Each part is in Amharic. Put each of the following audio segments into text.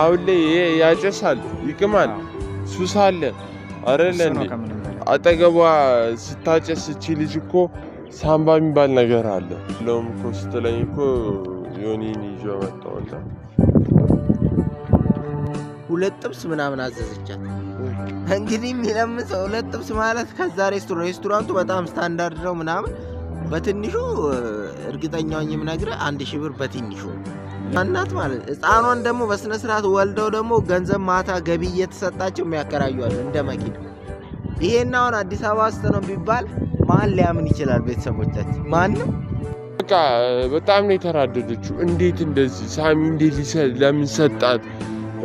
አሁን ላይ ያጨሳል፣ ይቅማል፣ ሱስ አለ አረለ አጠገቧ ስታጨስ እቺ ልጅ እኮ ሳምባ የሚባል ነገር አለ ለውም እኮ ስትለኝ እኮ ዮኒን ይዞ መጣውላ ሁለት ጥብስ ምናምን አዘዘቻት። እንግዲህ የሚለምሰው ሁለት ጥብስ ማለት ከዛ ሬስቶራንት ሬስቶራንቱ በጣም ስታንዳርድ ነው ምናምን በትንሹ እርግጠኛውኝም ነግረ አንድ ሺህ ብር በትንሹ እናት ማለት ህፃኗን ደግሞ በስነ ስርዓት ወልደው ደግሞ ገንዘብ ማታ ገቢ እየተሰጣቸው የሚያከራዩዋሉ እንደ መኪና። ይሄን አሁን አዲስ አበባ ውስጥ ነው ቢባል ማን ሊያምን ይችላል? ቤተሰቦቻችን ማንም በቃ በጣም ነው የተራደደችው። እንዴት እንደዚህ ሳሚ እንዴት ለምን ሰጣት?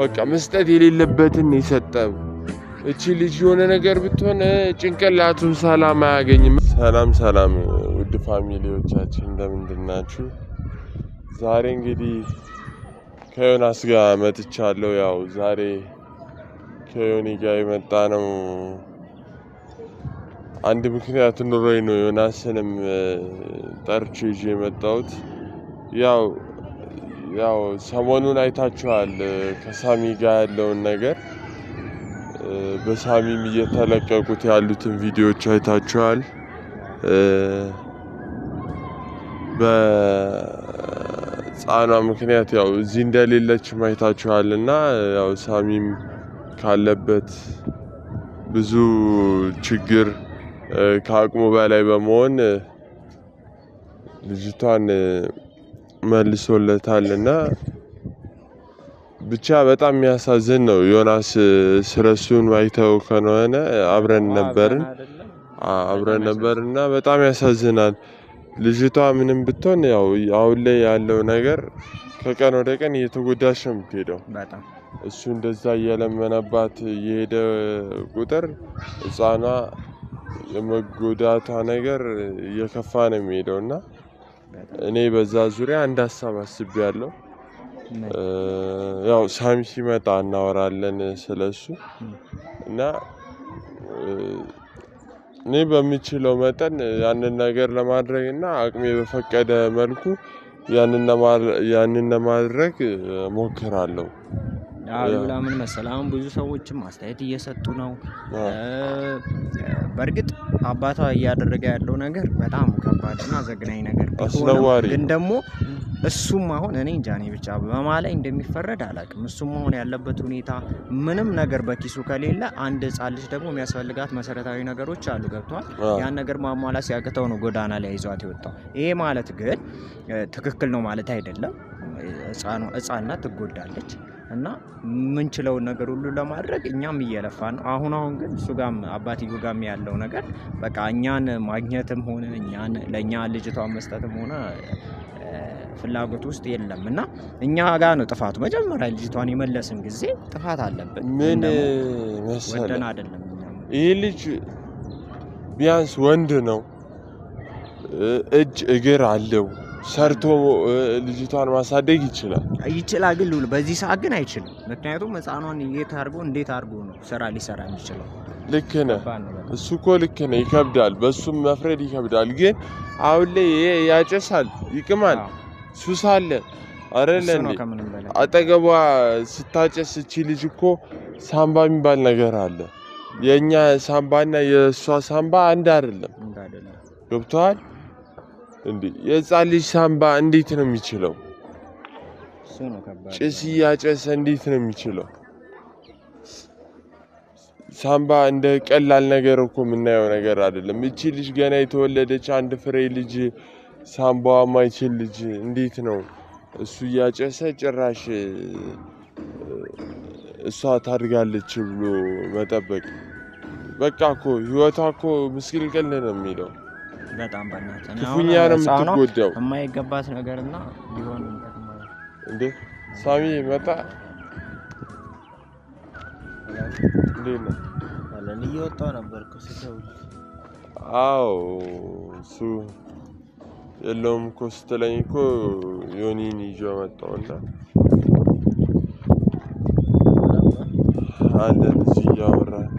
በቃ መስጠት የሌለበትን የሰጠው እቺ ልጅ የሆነ ነገር ብትሆን ጭንቅላቱን ሰላም አያገኝም። ሰላም ሰላም፣ ውድ ፋሚሊዎቻችን እንደምንድናችሁ? ዛሬ እንግዲህ ከዮናስ ጋር መጥቻለሁ። ያው ዛሬ ከዮኒ ጋር የመጣ ነው አንድ ምክንያት ኑሮኝ ነው ዮናስንም ጠርቼ ይዤ የመጣሁት። ያው ያው ሰሞኑን አይታችኋል ከሳሚ ጋር ያለውን ነገር በሳሚም እየተለቀቁት ያሉትን ቪዲዮዎች አይታችኋል። በጫና ምክንያት ያው እዚህ እንደሌለች ማይታችኋል እና ያው ሳሚም ካለበት ብዙ ችግር ከአቅሙ በላይ በመሆን ልጅቷን መልሶለታል እና ብቻ በጣም የሚያሳዝን ነው። ዮናስ ስረሱን ማይተው ከሆነ አብረን ነበርን አብረን ነበር እና በጣም ያሳዝናል። ልጅቷ ምንም ብትሆን ያው አሁን ላይ ያለው ነገር ከቀን ወደ ቀን እየተጎዳሽ ነው የምትሄደው። እሱ እንደዛ እየለመነባት የሄደ ቁጥር ህፃኗ የመጎዳቷ ነገር እየከፋ ነው የሚሄደው እና እኔ በዛ ዙሪያ አንድ ሀሳብ አስቤያለሁ። ያው ሳሚ ሲመጣ እናወራለን ስለሱ እና እኔ በምችለው መጠን ያንን ነገር ለማድረግ እና አቅሜ በፈቀደ መልኩ ያንን ለማድረግ ሞክራለሁ። አሉላ መሰለህ አሁን ብዙ ሰዎችም አስተያየት እየሰጡ ነው። በእርግጥ አባቷ እያደረገ ያለው ነገር በጣም ከባድ እና ዘግናኝ ነገር ግን ደግሞ እሱም አሁን እኔ እንጃ እኔ ብቻ በማ ላይ እንደሚፈረድ አላውቅም። እሱም አሁን ያለበት ሁኔታ ምንም ነገር በኪሱ ከሌለ፣ አንድ ህፃን ልጅ ደግሞ የሚያስፈልጋት መሰረታዊ ነገሮች አሉ። ገብቷል። ያን ነገር ማሟላት ሲያቅተው ነው ጎዳና ላይ ይዟት የወጣው። ይሄ ማለት ግን ትክክል ነው ማለት አይደለም። ሕፃናት ትጎዳለች እና ምንችለውን ነገር ሁሉ ለማድረግ እኛም እየለፋ ነው። አሁን አሁን ግን እሱ ጋም አባትዮ ጋም ያለው ነገር በቃ እኛን ማግኘትም ሆነ እኛን ለእኛ ልጅቷን መስጠትም ሆነ ፍላጎት ውስጥ የለም እና እኛ ጋር ነው ጥፋቱ። መጀመሪያ ልጅቷን የመለስን ጊዜ ጥፋት አለብን። ምን ወደን አይደለም። ይህ ልጅ ቢያንስ ወንድ ነው፣ እጅ እግር አለው ሰርቶ ልጅቷን ማሳደግ ይችላል ይችላል። ግን ልውል በዚህ ሰዓት ግን አይችልም። ምክንያቱም ህፃኗን የት አድርጎ እንዴት አድርጎ ነው ስራ ሊሰራ የሚችለው? ልክ ነህ። እሱ እኮ ልክ ነህ። ይከብዳል፣ በሱም መፍረድ ይከብዳል። ግን አሁን ላይ ያጨሳል፣ ይቅማል፣ ሱስ አለ አረለ አጠገቧ ስታጨስ እቺ ልጅ እኮ ሳምባ የሚባል ነገር አለ። የእኛ ሳምባና የእሷ ሳምባ አንድ አይደለም። ገብተዋል እንዴ የህፃን ልጅ ሳምባ እንዴት ነው የሚችለው? ጭስ እያጨሰ እንዴት ነው የሚችለው? ሳምባ እንደ ቀላል ነገር እኮ የምናየው ነገር አይደለም። እቺ ልጅ ገና የተወለደች አንድ ፍሬ ልጅ ሳምባዋ ማይችል ልጅ እንዴት ነው እሱ እያጨሰ ጭራሽ እሷ ታድጋለች ብሎ መጠበቅ? በቃ እኮ ህይወቷ እኮ ምስቅልቅል ነው የሚለው። በጣም በእናትህ ክፉኛ ነው የምትጎዳው። የማይገባት ነገርና ሊሆን እንዴ ሳሚ መጣ እንዴ ነው አለን እየወጣሁ ነበር እኮ ስትደውል። አዎ እሱ የለውም እኮ ስትለኝ እኮ ዮኒን ይዤ መጣሁና አለን እዚህ እያወራን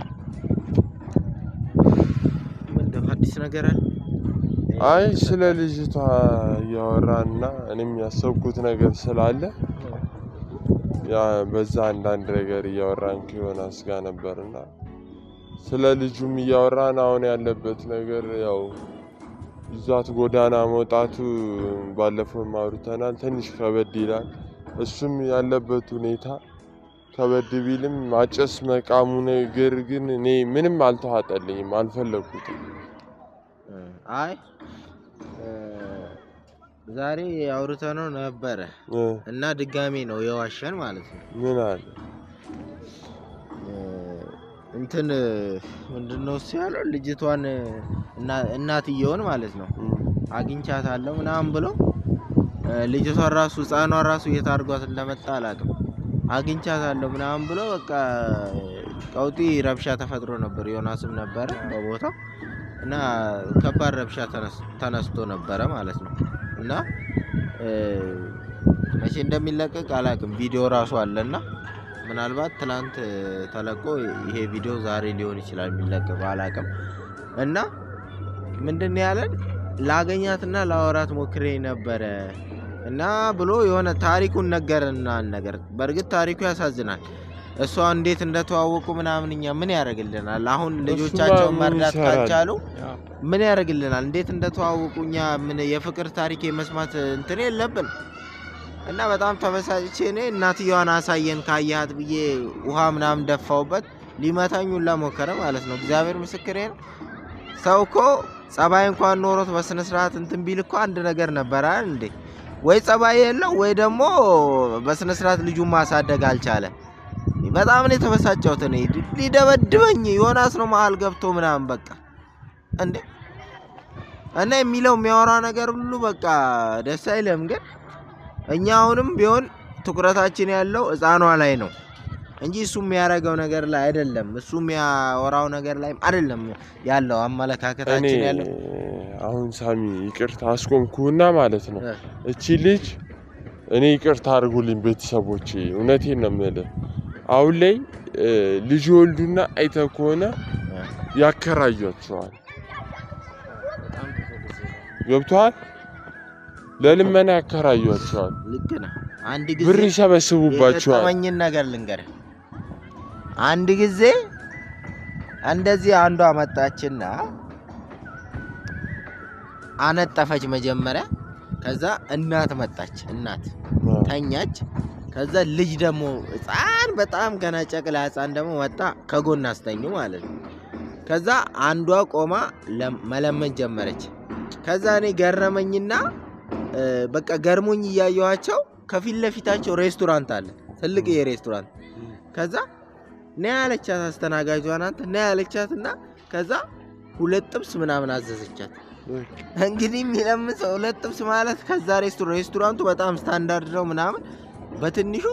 አዲስ ነገር አለ አይ ስለ ልጅቷ እያወራና እኔም ያሰብኩት ነገር ስላለ በዛ አንዳንድ ነገር እያወራን ከዮናስ ጋር ነበርና ስለ ልጁም እያወራን አሁን ያለበት ነገር ያው ይዟት ጎዳና መውጣቱ ባለፈው አውርተናል። ትንሽ ከበድ ይላል። እሱም ያለበት ሁኔታ ከበድ ቢልም ማጨስ መቃሙ ነገር ግን እኔ ምንም አልተዋጠልኝም፣ አልፈለግኩትም። አይ ዛሬ አውርተነው ነበረ እና ድጋሜ ነው የዋሸን ማለት ነው። ምን አለ እንትን ምንድነው እሱ ያለው ልጅቷን እናትየውን ማለት ነው አግኝቻታለሁ ምናምን ብሎ ልጅቷን ራሱ ህፃኗን ራሱ የታርጓት እንደመጣ አላውቅም። አግኝቻታለሁ ምናምን ብሎ በቃ ቀውጢ ረብሻ ተፈጥሮ ነበር። ዮናስም ነበረ በቦታው እና ከባድ ረብሻ ተነስቶ ነበረ ማለት ነው። እና መቼ እንደሚለቀቅ አላውቅም። ቪዲዮ ራሱ አለና ምናልባት ትናንት ተለቆ ይሄ ቪዲዮ ዛሬ ሊሆን ይችላል የሚለቀቀው አላውቅም። እና ምንድን ያለን ላገኛትና ላወራት ሞክሬ ነበረ እና ብሎ የሆነ ታሪኩን ነገረናን ነገር በእርግጥ ታሪኩ ያሳዝናል። እሷ እንዴት እንደተዋወቁ ምናምን እኛ ምን ያደርግልናል? አሁን ልጆቻቸውን መርዳት ካልቻሉ ምን ያደርግልናል? እንዴት እንደተዋወቁ እኛ ምን የፍቅር ታሪክ የመስማት እንትን የለብን እና በጣም ተበሳጭቼ እኔ እናትየዋን አሳየን ካያት ብዬ ውሃ ምናምን ደፋውበት ሊመታኝ ሁላ ሞከረ ማለት ነው። እግዚአብሔር ምስክሬ ነው። ሰው እኮ ጸባይ እንኳን ኖሮት በስነ ስርዓት እንትን ቢል እኮ አንድ ነገር ነበረ እንዴ! ወይ ጸባይ የለው ወይ ደግሞ በስነ ስርዓት ልጁን ማሳደግ አልቻለ። በጣም ነው የተበሳጨሁት። እኔ ሊደበድበኝ ዮናስ ነው መሀል ገብቶ ምናምን በቃ እንዴ እና የሚለው የሚያወራ ነገር ሁሉ በቃ ደስ አይለም። ግን እኛ አሁንም ቢሆን ትኩረታችን ያለው ህፃኗ ላይ ነው እንጂ እሱ የሚያደርገው ነገር ላይ አይደለም። እሱ የሚያወራው ነገር ላይ አይደለም ያለው አመለካከታችን ያለው። አሁን ሳሚ ይቅርታ አስቆምኩና ማለት ነው እቺ ልጅ እኔ ይቅርታ አድርጉልኝ ቤተሰቦቼ፣ እውነቴን ነው የምልህ አሁን ላይ ልጅ ወልዱና አይተ ከሆነ ያከራያቸዋል። ገብቶሃል? ለልመና ያከራያቸዋል። ብር ይሰበስቡባቸዋል። ገጠመኝን ነገር ልንገር። አንድ ጊዜ እንደዚህ አንዷ መጣችና አነጠፈች መጀመሪያ። ከዛ እናት መጣች። እናት ተኛች። ከዛ ልጅ ደግሞ ህፃን በጣም ገና ጨቅላ ህፃን ደግሞ መጣ ከጎን አስተኙ ማለት ነው። ከዛ አንዷ ቆማ መለመን ጀመረች። ከዛ እኔ ገረመኝና በቃ ገርሞኝ እያየኋቸው ከፊት ለፊታቸው ሬስቶራንት አለ፣ ትልቅ የሬስቶራንት ከዛ ና ያለቻት አስተናጋጇን አንተ ና ያለቻት እና ከዛ ሁለት ጥብስ ምናምን አዘዘቻት። እንግዲህ የሚለምሰው ሁለት ጥብስ ማለት ከዛ ሬስቶራንቱ በጣም ስታንዳርድ ነው ምናምን በትንሹ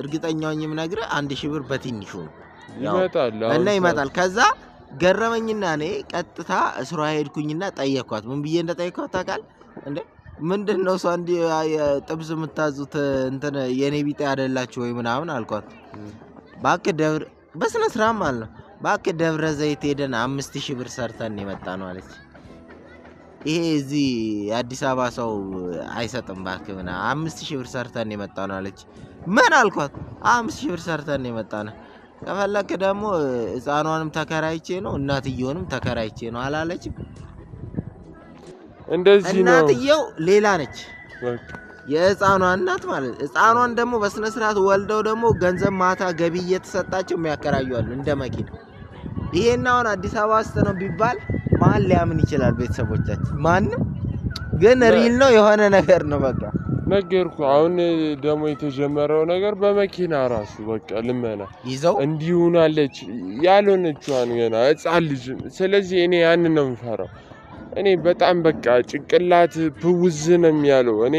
እርግጠኛውኝ የምነግርህ አንድ ሺህ ብር በትንሹ ነው እና ይመጣል። ከዛ ገረመኝና እኔ ቀጥታ እስሯ ሄድኩኝና ጠየኳት። ምን ብዬ እንደጠየኳት ታውቃል እንዴ? ምንድን ነው እሷ እንዲ ጥብስ የምታዙት እንትን የእኔ ቢጤ አይደላችሁ ወይ ምናምን አልኳት። እባክህ ደብረ በስነ ስርዓት ማለት እባክህ ደብረ ዘይት ሄደን አምስት ሺህ ብር ሰርተን የመጣ ነው አለች። ይሄ እዚህ አዲስ አበባ ሰው አይሰጥም ባክ ምና አምስት ሺህ ብር ሰርተን የመጣ ነው አለች። ምን አልኳት? አምስት ሺህ ብር ሰርተን የመጣ ነው ከፈለክ ደግሞ ህፃኗንም ተከራይቼ ነው እናትየውንም ተከራይቼ ነው አላለችም። እንደዚህ ነው። እናትየው ሌላ ነች የህፃኗ እናት ማለት ህፃኗን ደግሞ በስነ ስርዓት ወልደው ደግሞ ገንዘብ ማታ ገቢ እየተሰጣቸው የሚያከራዩ አሉ እንደ መኪና። ይሄን አሁን አዲስ አበባ ውስጥ ነው ቢባል ማን ሊያምን ይችላል? ቤተሰቦቻችን ማንም። ግን ሪል ነው የሆነ ነገር ነው። በቃ ነገርኩ። አሁን ደግሞ የተጀመረው ነገር በመኪና ራሱ በቃ ልመና ይዘው እንዲሁናለች ያልሆነችዋን ገና ሕፃን ልጅ። ስለዚህ እኔ ያን ነው የምፈራው። እኔ በጣም በቃ ጭንቅላት ፕውዝ ነው የሚያለው። እኔ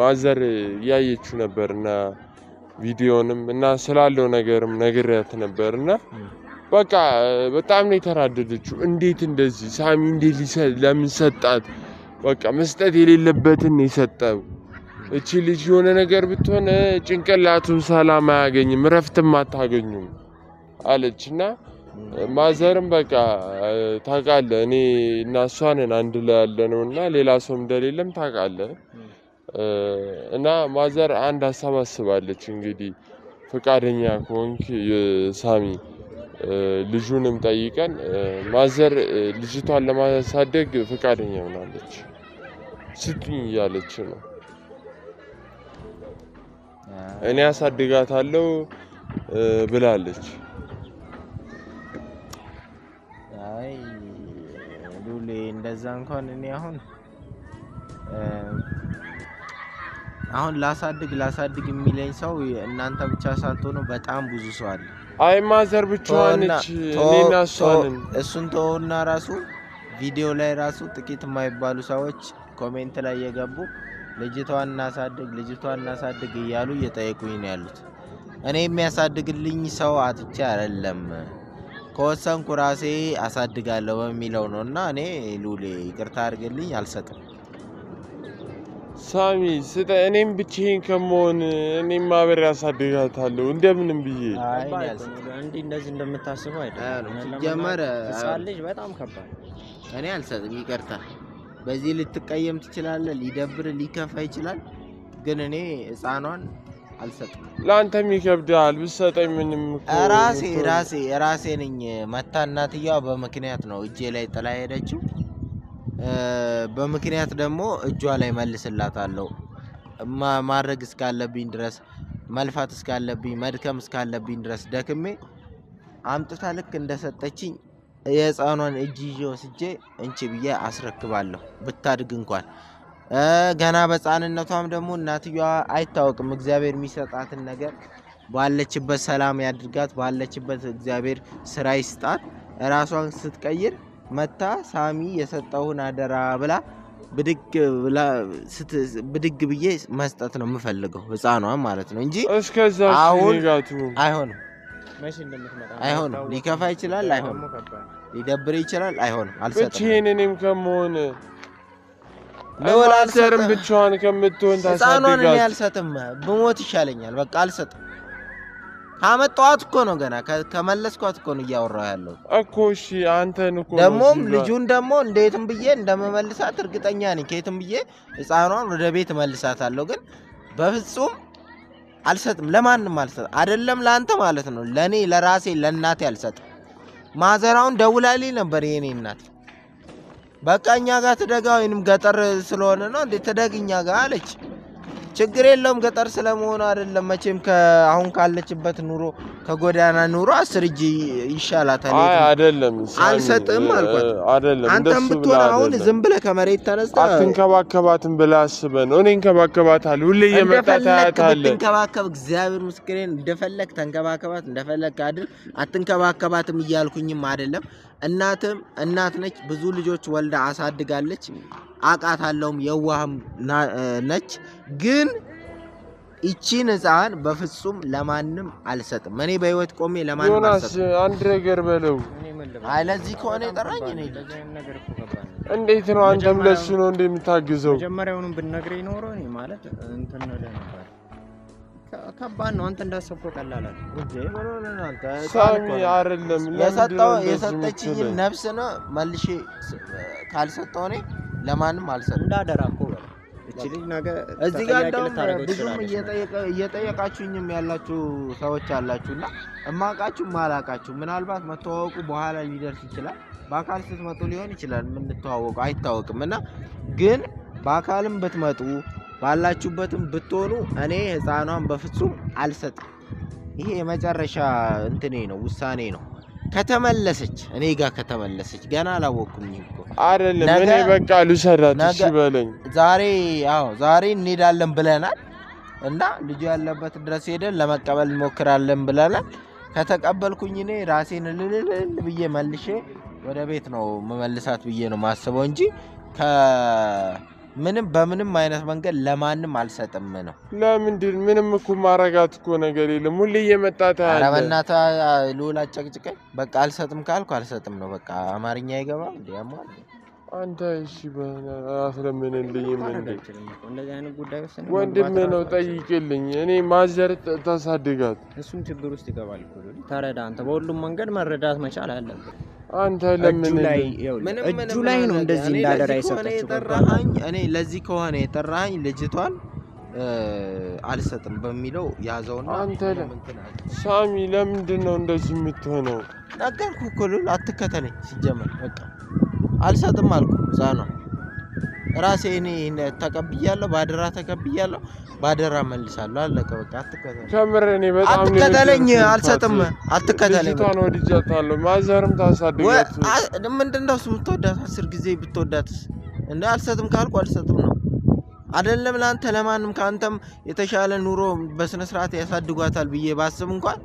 ማዘር እያየችው ነበርና ቪዲዮንም እና ስላለው ነገርም ነግሬያት ነበርና በቃ በጣም ነው የተናደደችው። እንዴት እንደዚህ ሳሚ እንዴት ለምን ሰጣት? በቃ መስጠት የሌለበትን የሰጠው። እቺ ልጅ የሆነ ነገር ብትሆን ጭንቅላቱን ሰላም አያገኝም፣ እረፍትም አታገኙም አለች እና ማዘርም በቃ ታውቃለህ፣ እኔ እና እሷንን አንድ ላይ ያለ ነው እና ሌላ ሰው እንደሌለም ታውቃለህ። እና ማዘር አንድ አሰባስባለች እንግዲህ ፈቃደኛ ከሆንክ ሳሚ ልጁንም ጠይቀን ማዘር ልጅቷን ለማሳደግ ፈቃደኛ ሆናለች። ስጡኝ እያለች ነው። እኔ አሳድጋታለሁ ብላለች። ሉሌ፣ እንደዛ እንኳን እኔ አሁን አሁን ላሳድግ ላሳድግ የሚለኝ ሰው እናንተ ብቻ ሳትሆኑ በጣም ብዙ ሰው አለ። አይ ማዘር ብቻዋን ነች። እኔና እሷንን እሱን ተውና ራሱ ቪዲዮ ላይ ራሱ ጥቂት የማይባሉ ሰዎች ኮሜንት ላይ የገቡ ልጅቷ እናሳድግ ልጅቷ እናሳድግ እያሉ እየጠየቁኝ ነው ያሉት። እኔ የሚያሳድግልኝ ሰው አጥቼ አይደለም ከወሰንኩ ራሴ አሳድጋለሁ በሚለው ነው እና እኔ ሉሌ ይቅርታ አድርግልኝ አልሰጥም። ሳሚ ስጠ እኔም ብቻዬን ከመሆን እኔም ማበሬ አሳድጋታለሁ እንደምንም ብዬ እንዲህ እንደዚህ እንደምታስበው አይደለም። ሲጀመር ሕፃን ልጅ በጣም ከባድ። እኔ አልሰጥም፣ ይቅርታ። በዚህ ልትቀየም ትችላለህ፣ ሊደብር ሊከፋ ይችላል። ግን እኔ ሕፃኗን አልሰጥም። ለአንተም ይከብዳል ብትሰጠኝ። ምንም ራሴ ራሴ ራሴ ነኝ። መታ እናትየዋ በምክንያት ነው እጄ ላይ ጥላ ሄደችው። በምክንያት ደግሞ እጇ ላይ መልስላታለሁ። ማድረግ እስካለብኝ ድረስ መልፋት እስካለብኝ መድከም እስካለብኝ ድረስ ደክሜ አምጥታ ልክ እንደሰጠችኝ የህፃኗን እጅ ይዤ ወስጄ እንቺ ብዬ አስረክባለሁ። ብታድግ እንኳን ገና በፃንነቷም ደግሞ እናትየዋ አይታወቅም። እግዚአብሔር የሚሰጣትን ነገር ባለችበት ሰላም ያድርጋት፣ ባለችበት እግዚአብሔር ስራ ይስጣት። ራሷን ስትቀይር መታ ሳሚ የሰጠውን አደራ ብላ ብድግ ብዬ መስጠት ነው የምፈልገው፣ ህፃኗ ማለት ነው እንጂ አሁን አይሆንም። አይሆንም። ሊከፋ ይችላል፣ አይሆንም። ሊደብር ይችላል፣ አይሆንም። አልሰጥም። እኔም ከመሆን ለወላሰርም ብቻዋን ከምትሆን ህፃኗን እኔ አልሰጥም፣ ብሞት ይሻለኛል። በቃ አልሰጥም። ካመጣኋት እኮ ነው ገና ከመለስኳት እኮ ነው እያወራሁ ያለው እኮ። እሺ አንተን እኮ ደግሞም ልጁን ደግሞ እንዴትም ብዬ እንደመመልሳት እርግጠኛ ነኝ። ከየትም ብዬ ህፃኗን ወደ ቤት እመልሳታለሁ። ግን በፍጹም አልሰጥም፣ ለማንም አልሰጥም። አይደለም ለአንተ ማለት ነው፣ ለእኔ ለራሴ ለእናቴ አልሰጥም። ማዘራውን ደውላልኝ ነበር የኔ እናት። በቃ እኛ ጋር ትደጋ ወይንም ገጠር ስለሆነ ነው እንዴ ትደግ እኛ ጋር አለች። ችግር የለውም። ገጠር ስለመሆኑ አይደለም መቼም አሁን ካለችበት ኑሮ ከጎዳና ኑሮ አስር እጅ ይሻላታል። አይደለም አልሰጥም አልኳት። አይደለም አንተም ብትሆን አሁን ዝም ብለህ ከመሬት ተነስተህ አትንከባከባትም ብለህ አስበህ ነው። እኔ እንከባከባታለሁ፣ ሁሌ እየመጣ ታያታለህ። ብትንከባከብ እግዚአብሔር ምስክሬን፣ እንደፈለግ ተንከባከባት፣ እንደፈለግ አድር። አትንከባከባትም እያልኩኝም አይደለም። እናትም እናት ነች፣ ብዙ ልጆች ወልዳ አሳድጋለች። አቃታለሁም የዋህም ነች። ግን ይቺን ህፃን በፍጹም ለማንም አልሰጥም። እኔ በህይወት ቆሜ ለማንም አልሰጥም። አንድ ነገር በለው። አይ ለዚህ ከሆነ የጠራኝ ነ እንዴት ነው? አንተም ለሱ ነው እንደ የምታግዘው መጀመሪያውንም ብትነግረኝ ኖሮ እኔ ማለት እንትን ነበር። ከባድ ነው። አንተ እንዳሰብኮ ቀላል ሳሚ አይደለም። የሰጠችኝን ነፍስ ነው መልሼ ካልሰጠው እኔ ለማንም አልሰጥም። እንዳደራ እኮ እዚህ ጋር ብዙም እየጠየቃችሁኝም ያላችሁ ሰዎች አላችሁ እና እማውቃችሁም አላውቃችሁ ምናልባት መተዋወቁ በኋላ ሊደርስ ይችላል። በአካል ስትመጡ ሊሆን ይችላል የምንተዋወቁ አይታወቅም። እና ግን በአካልም ብትመጡ ባላችሁበትም ብትሆኑ እኔ ህፃኗን በፍጹም አልሰጥም። ይሄ የመጨረሻ እንትኔ ነው፣ ውሳኔ ነው። ከተመለሰች እኔ ጋር ከተመለሰች ገና አላወቅኩም። ይሄ እኮ አይደለም እኔ በቃ ልሰራት እሺ በለኝ። ዛሬ አዎ ዛሬ እንሄዳለን ብለናል እና ልጁ ያለበት ድረስ ሄደን ለመቀበል እንሞክራለን ብለናል። ከተቀበልኩኝ እኔ ራሴን ልልልል ብዬ መልሼ ወደ ቤት ነው መመልሳት ብዬ ነው ማስበው እንጂ ምንም በምንም አይነት መንገድ ለማንም አልሰጥም ነው። ለምንድን ምንም እኮ ማረጋት እኮ ነገር የለም። ሁሌ እየመጣ ታያለህ። ኧረ በእናትህ ልውል አጨቅጭቀኝ። በቃ አልሰጥም ካልኩ አልሰጥም ነው በቃ። አማርኛ ይገባ እንዲ አንተ እሺ አስለምንልኝ። ወንድም ነው ጠይቅልኝ። እኔ ማዘር ታሳድጋት፣ እሱም ችግር ውስጥ ይገባል። ተረዳ አንተ። በሁሉም መንገድ መረዳት መቻል አለብን። አንተ ለምን እጁ ላይ ነው እንደዚህ እንዳደራ የሰጠችው? እኔ ለዚህ ከሆነ የጠራኸኝ ልጅቷን አልሰጥም በሚለው ያዘውና፣ አንተ ሳሚ ለምንድን ነው እንደዚህ የምትሆነው? ነገርኩህ እኮ ልል አትከተለኝ። ሲጀመር በቃ አልሰጥም አልኩ። እዛ ነው ራሴ እኔ ተቀብያለሁ፣ ባደራ ተቀብያለሁ፣ ባደራ መልሳለሁ። አለቀ በቃ። አትከተለኝ፣ አልሰጥም። አትከተለኝ። ማዘርም ታሳድጋት ምንድን እሱ የምትወዳት አስር ጊዜ ብትወዳት እንደ አልሰጥም ካልኩ አልሰጥም ነው አይደለም። ለአንተ ለማንም ከአንተም የተሻለ ኑሮ በስነ ስርዓት ያሳድጓታል ብዬ ባስብ እንኳን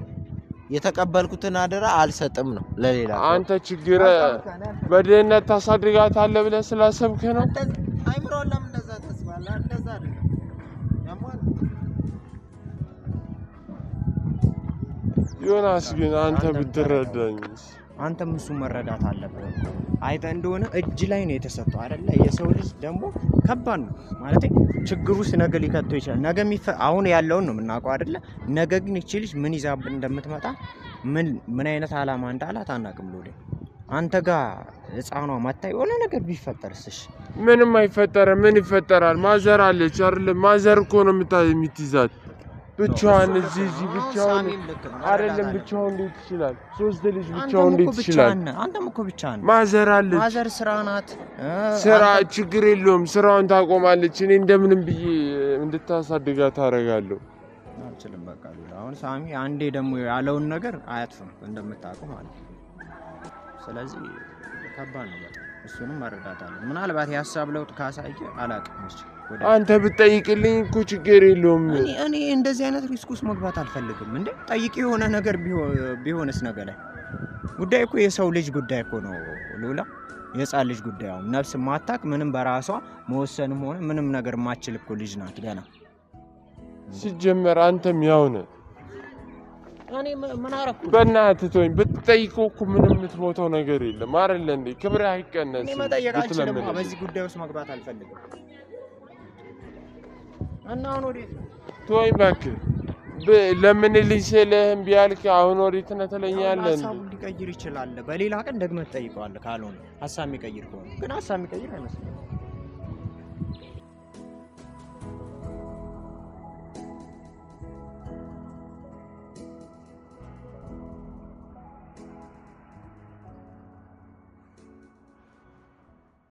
የተቀበልኩትን አደራ አልሰጥም ነው ለሌላ። አንተ ችግር በድህነት ታሳድጋታለህ ብለህ ስላሰብክ ነው። አይምሮን ለምን እንደዛ እንደዛ አይደለም ዮናስ ግን አንተ ብትረዳኝ አንተም እሱ መረዳት አለብህ። አይተ እንደሆነ እጅ ላይ ነው የተሰጠው አይደለ? የሰው ልጅ ደግሞ ከባድ ነው ማለት ችግሩ ውስጥ ነገ ሊከተው ይችላል። ነገ አሁን ያለውን ነው የምናውቀው አይደለ? ነገ ግን ይቺ ልጅ ምን ይዛብን እንደምትመጣ ምን ምን አይነት አላማ እንዳላት አናውቅም ሎሌ አንተ ጋር ህፃኗ ማታ የሆነ ነገር ቢፈጠርስ? እሺ ምንም አይፈጠርም። ምን ይፈጠራል? ማዘር አለች አይደለም? ማዘር እኮ ነው የምታ የምትይዛት ብቻዋን እዚህ እዚህ ብቻዋን አይደለም። ብቻዋን እንዴት ይችላል? ሶስት ልጅ ብቻዋን እንዴት ይችላል? አንተም እኮ ብቻህን። ማዘር አለች። ማዘር ስራ ናት። ስራ ችግር የለውም። ስራውን ታቆማለች። እኔ እንደምንም ብዬ እንድታሳድጋት ታደርጋለሁ። አልችልም። በቃ አሁን ሳሚ፣ አንዴ ደግሞ ያለውን ነገር አያጥፍም እንደምታውቀው ማለት ነው ስለዚህ ከባድ ነው በጣም እሱንም መረዳታለን። ምናልባት የሀሳብ ለውጥ ካሳየ አላውቅም። አንተ ብትጠይቅልኝ እኮ ችግር የለውም። እኔ እንደዚህ አይነት ሪስክ ውስጥ መግባት አልፈልግም። እንደ ጠይቅ የሆነ ነገር ቢሆንስ ነገ ላይ ጉዳይ እኮ የሰው ልጅ ጉዳይ እኮ ነው ሉላ፣ የህፃን ልጅ ጉዳይ አሁን ነፍስ ማታክ ምንም በራሷ መወሰንም ሆነ ምንም ነገር ማችል እኮ ልጅ ናት ገና። ሲጀመር አንተም ያው ነህ በእናትህ ተወኝ። ብትጠይቀው እኮ ምንም የምትሞተው ነገር የለም አይደለ እንዴ? ክብር አይቀነስም። በዚህ ጉዳይ ውስጥ መግባት አልፈልግም እና አሁን ወዴት ተወኝ እባክህ። ለምን ልጅ ስልህ አሁን ወዴት ነው ትለኛለህ? ሊቀይር ይችላል። በሌላ ቀን ደግመህ ትጠይቀዋለህ። ካልሆነ ሀሳብ የሚቀይር ከሆነ ግን ሀሳብ የሚቀይር አይመስለኝም